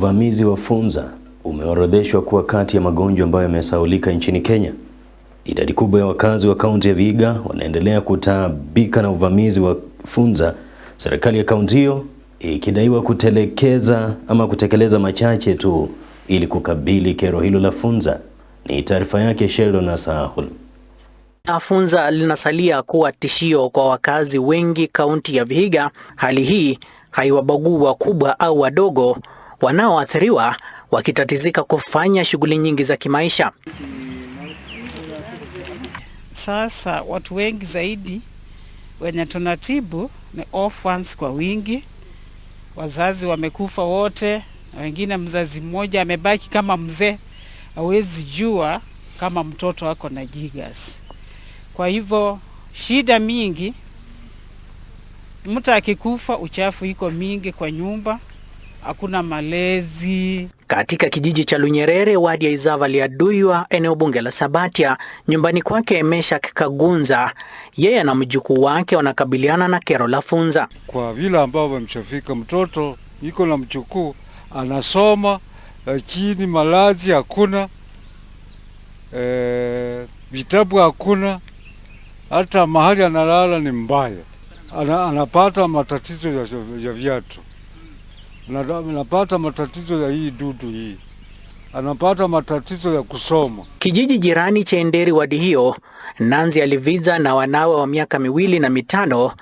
Uvamizi wa funza umeorodheshwa kuwa kati ya magonjwa ambayo yamesahaulika nchini Kenya. Idadi kubwa ya wakazi wa kaunti ya Vihiga wanaendelea kutaabika na uvamizi wa funza, serikali ya kaunti hiyo ikidaiwa kutelekeza ama kutekeleza machache tu ili kukabili kero hilo la funza. Ni taarifa yake Sheldon Asahul. Funza linasalia kuwa tishio kwa wakazi wengi kaunti ya Vihiga. Hali hii haiwabagui wakubwa au wadogo, wanaoathiriwa wakitatizika kufanya shughuli nyingi za kimaisha. Sasa watu wengi zaidi wenye tunatibu ni orphans kwa wingi, wazazi wamekufa wote, na wengine mzazi mmoja amebaki kama mzee, hawezi jua kama mtoto ako na jigas. Kwa hivyo shida mingi, mtu akikufa, uchafu iko mingi kwa nyumba hakuna malezi. Katika kijiji cha Lunyerere, wadi ya Izava Liaduywa, eneo bunge la Sabatia, nyumbani kwake Meshak Kagunza, yeye na mjukuu wake wanakabiliana na kero la funza, kwa vile ambavyo ameshafika mtoto iko na mjukuu anasoma lakini eh, malazi hakuna, e, vitabu hakuna, hata mahali analala ni mbaya, ana, anapata matatizo ya, ya viatu anapata matatizo ya hii dudu hii, anapata matatizo ya kusoma. Kijiji jirani cha Enderi wadi hiyo, Nanzi Aliviza na wanawe wa miaka miwili na mitano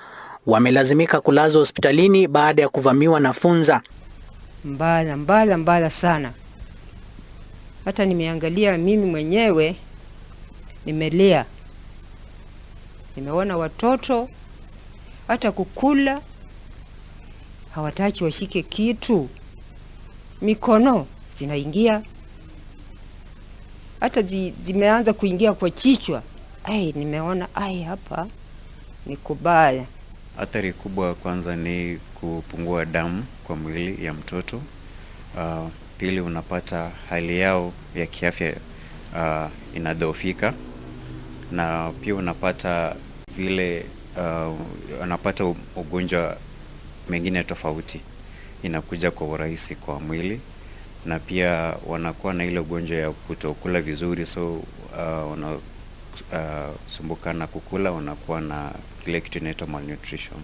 wamelazimika kulazwa hospitalini baada ya kuvamiwa na funza mbaya mbaya mbaya sana. Hata nimeangalia mimi mwenyewe nimelia, nimeona watoto hata kukula hawataki washike kitu, mikono zinaingia hata zi, zimeanza kuingia kwa kichwa. Ai, nimeona ai, hapa ni kubaya. Athari kubwa kwanza ni kupungua damu kwa mwili ya mtoto uh, pili unapata hali yao ya kiafya uh, inadhoofika, na pia unapata vile uh, ah, anapata ugonjwa mengine tofauti inakuja kwa urahisi kwa mwili, na pia wanakuwa na ile ugonjwa ya kutokula vizuri, so uh, uh, na kukula, wanakuwa na kile kitu inaitwa malnutrition.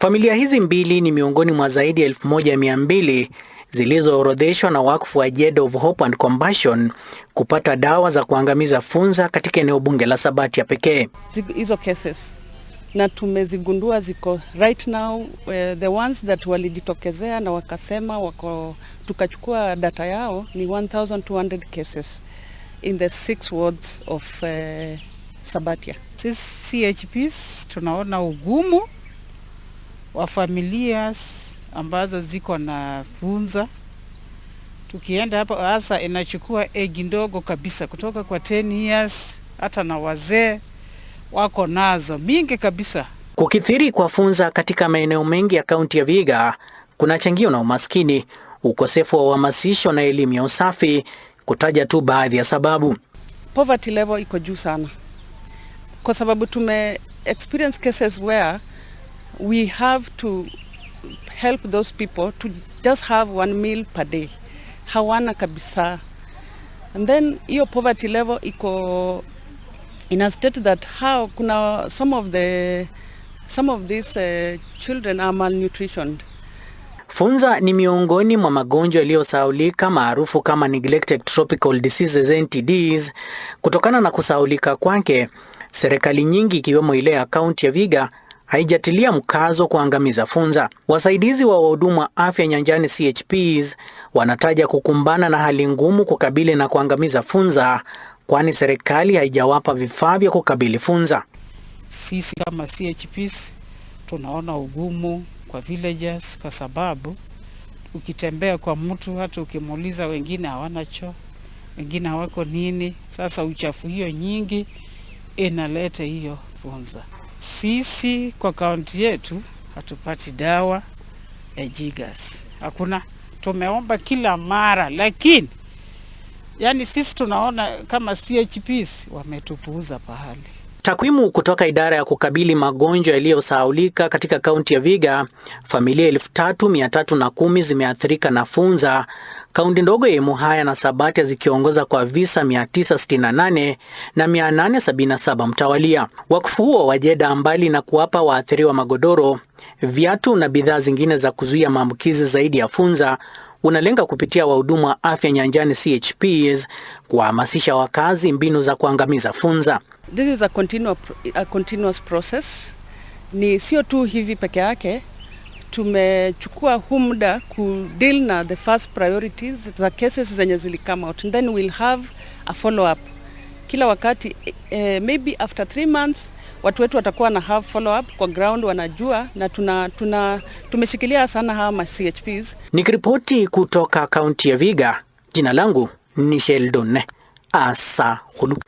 Familia hizi mbili ni miongoni mwa zaidi ya mbili zilizoorodheshwa na wakfu wa Jed of Hope and Compassion kupata dawa za kuangamiza funza katika eneo bunge la Sabatia pekee. Hizo cases na tumezigundua ziko right now. Uh, the ones that walijitokezea na wakasema wako, tukachukua data yao ni 1200 cases in the six wards of uh, Sabatia. Sisi CHPs tunaona ugumu wa familias ambazo ziko na funza tukienda hapo hasa inachukua egi ndogo kabisa kutoka kwa 10 years hata na wazee wako nazo mingi kabisa. Kukithiri kwa funza katika maeneo mengi ya kaunti ya Vihiga kunachangiwa na umaskini, ukosefu wa uhamasisho na elimu ya usafi, kutaja tu baadhi ya sababu. Poverty level iko juu sana kwa sababu tume experience cases where we have to help those people to just have one meal per day, hawana kabisa, and then hiyo poverty level iko a state that how kuna some of the some of these uh, children are malnutritioned. Funza ni miongoni mwa magonjwa yaliyosaulika maarufu kama neglected tropical diseases NTDs. Kutokana na kusaulika kwake, serikali nyingi ikiwemo ile ya kaunti ya Viga haijatilia mkazo kuangamiza funza. Wasaidizi wa wahudumu wa afya nyanjani CHPs wanataja kukumbana na hali ngumu kukabili na kuangamiza funza kwani serikali haijawapa vifaa vya kukabili funza. Sisi kama CHPs tunaona ugumu kwa villagers kwa sababu ukitembea kwa mtu hata ukimuuliza, wengine hawana choo, wengine hawako nini. Sasa uchafu hiyo nyingi inaleta hiyo funza. Sisi kwa kaunti yetu hatupati dawa ya jigas, hakuna. Tumeomba kila mara, lakini Yaani sisi tunaona kama CHPs wametupuuza pahali. Takwimu kutoka idara ya kukabili magonjwa yaliyosahaulika katika kaunti ya Viga, familia 3310 zimeathirika na funza, kaunti ndogo ya Muhaya na Sabatia zikiongoza kwa visa 968 na 877 mtawalia. Wakfu huo wajeda mbali na kuwapa waathiriwa magodoro, viatu na bidhaa zingine za kuzuia maambukizi zaidi ya funza unalenga kupitia wahudumu wa afya nyanjani CHPs kuwahamasisha wakazi mbinu za kuangamiza funza. This is a continuous, a continuous process. Ni sio tu hivi peke yake, tumechukua huu muda ku deal na the first priorities za cases zenye zili come out and then we'll have a follow up kila wakati, eh, maybe after three months watu wetu watakuwa na have follow up kwa ground, wanajua na tuna, tuna, tumeshikilia sana hawa ma CHPs. Nikiripoti kutoka kaunti ya Viga, jina langu ni Sheldon Asa Khulu.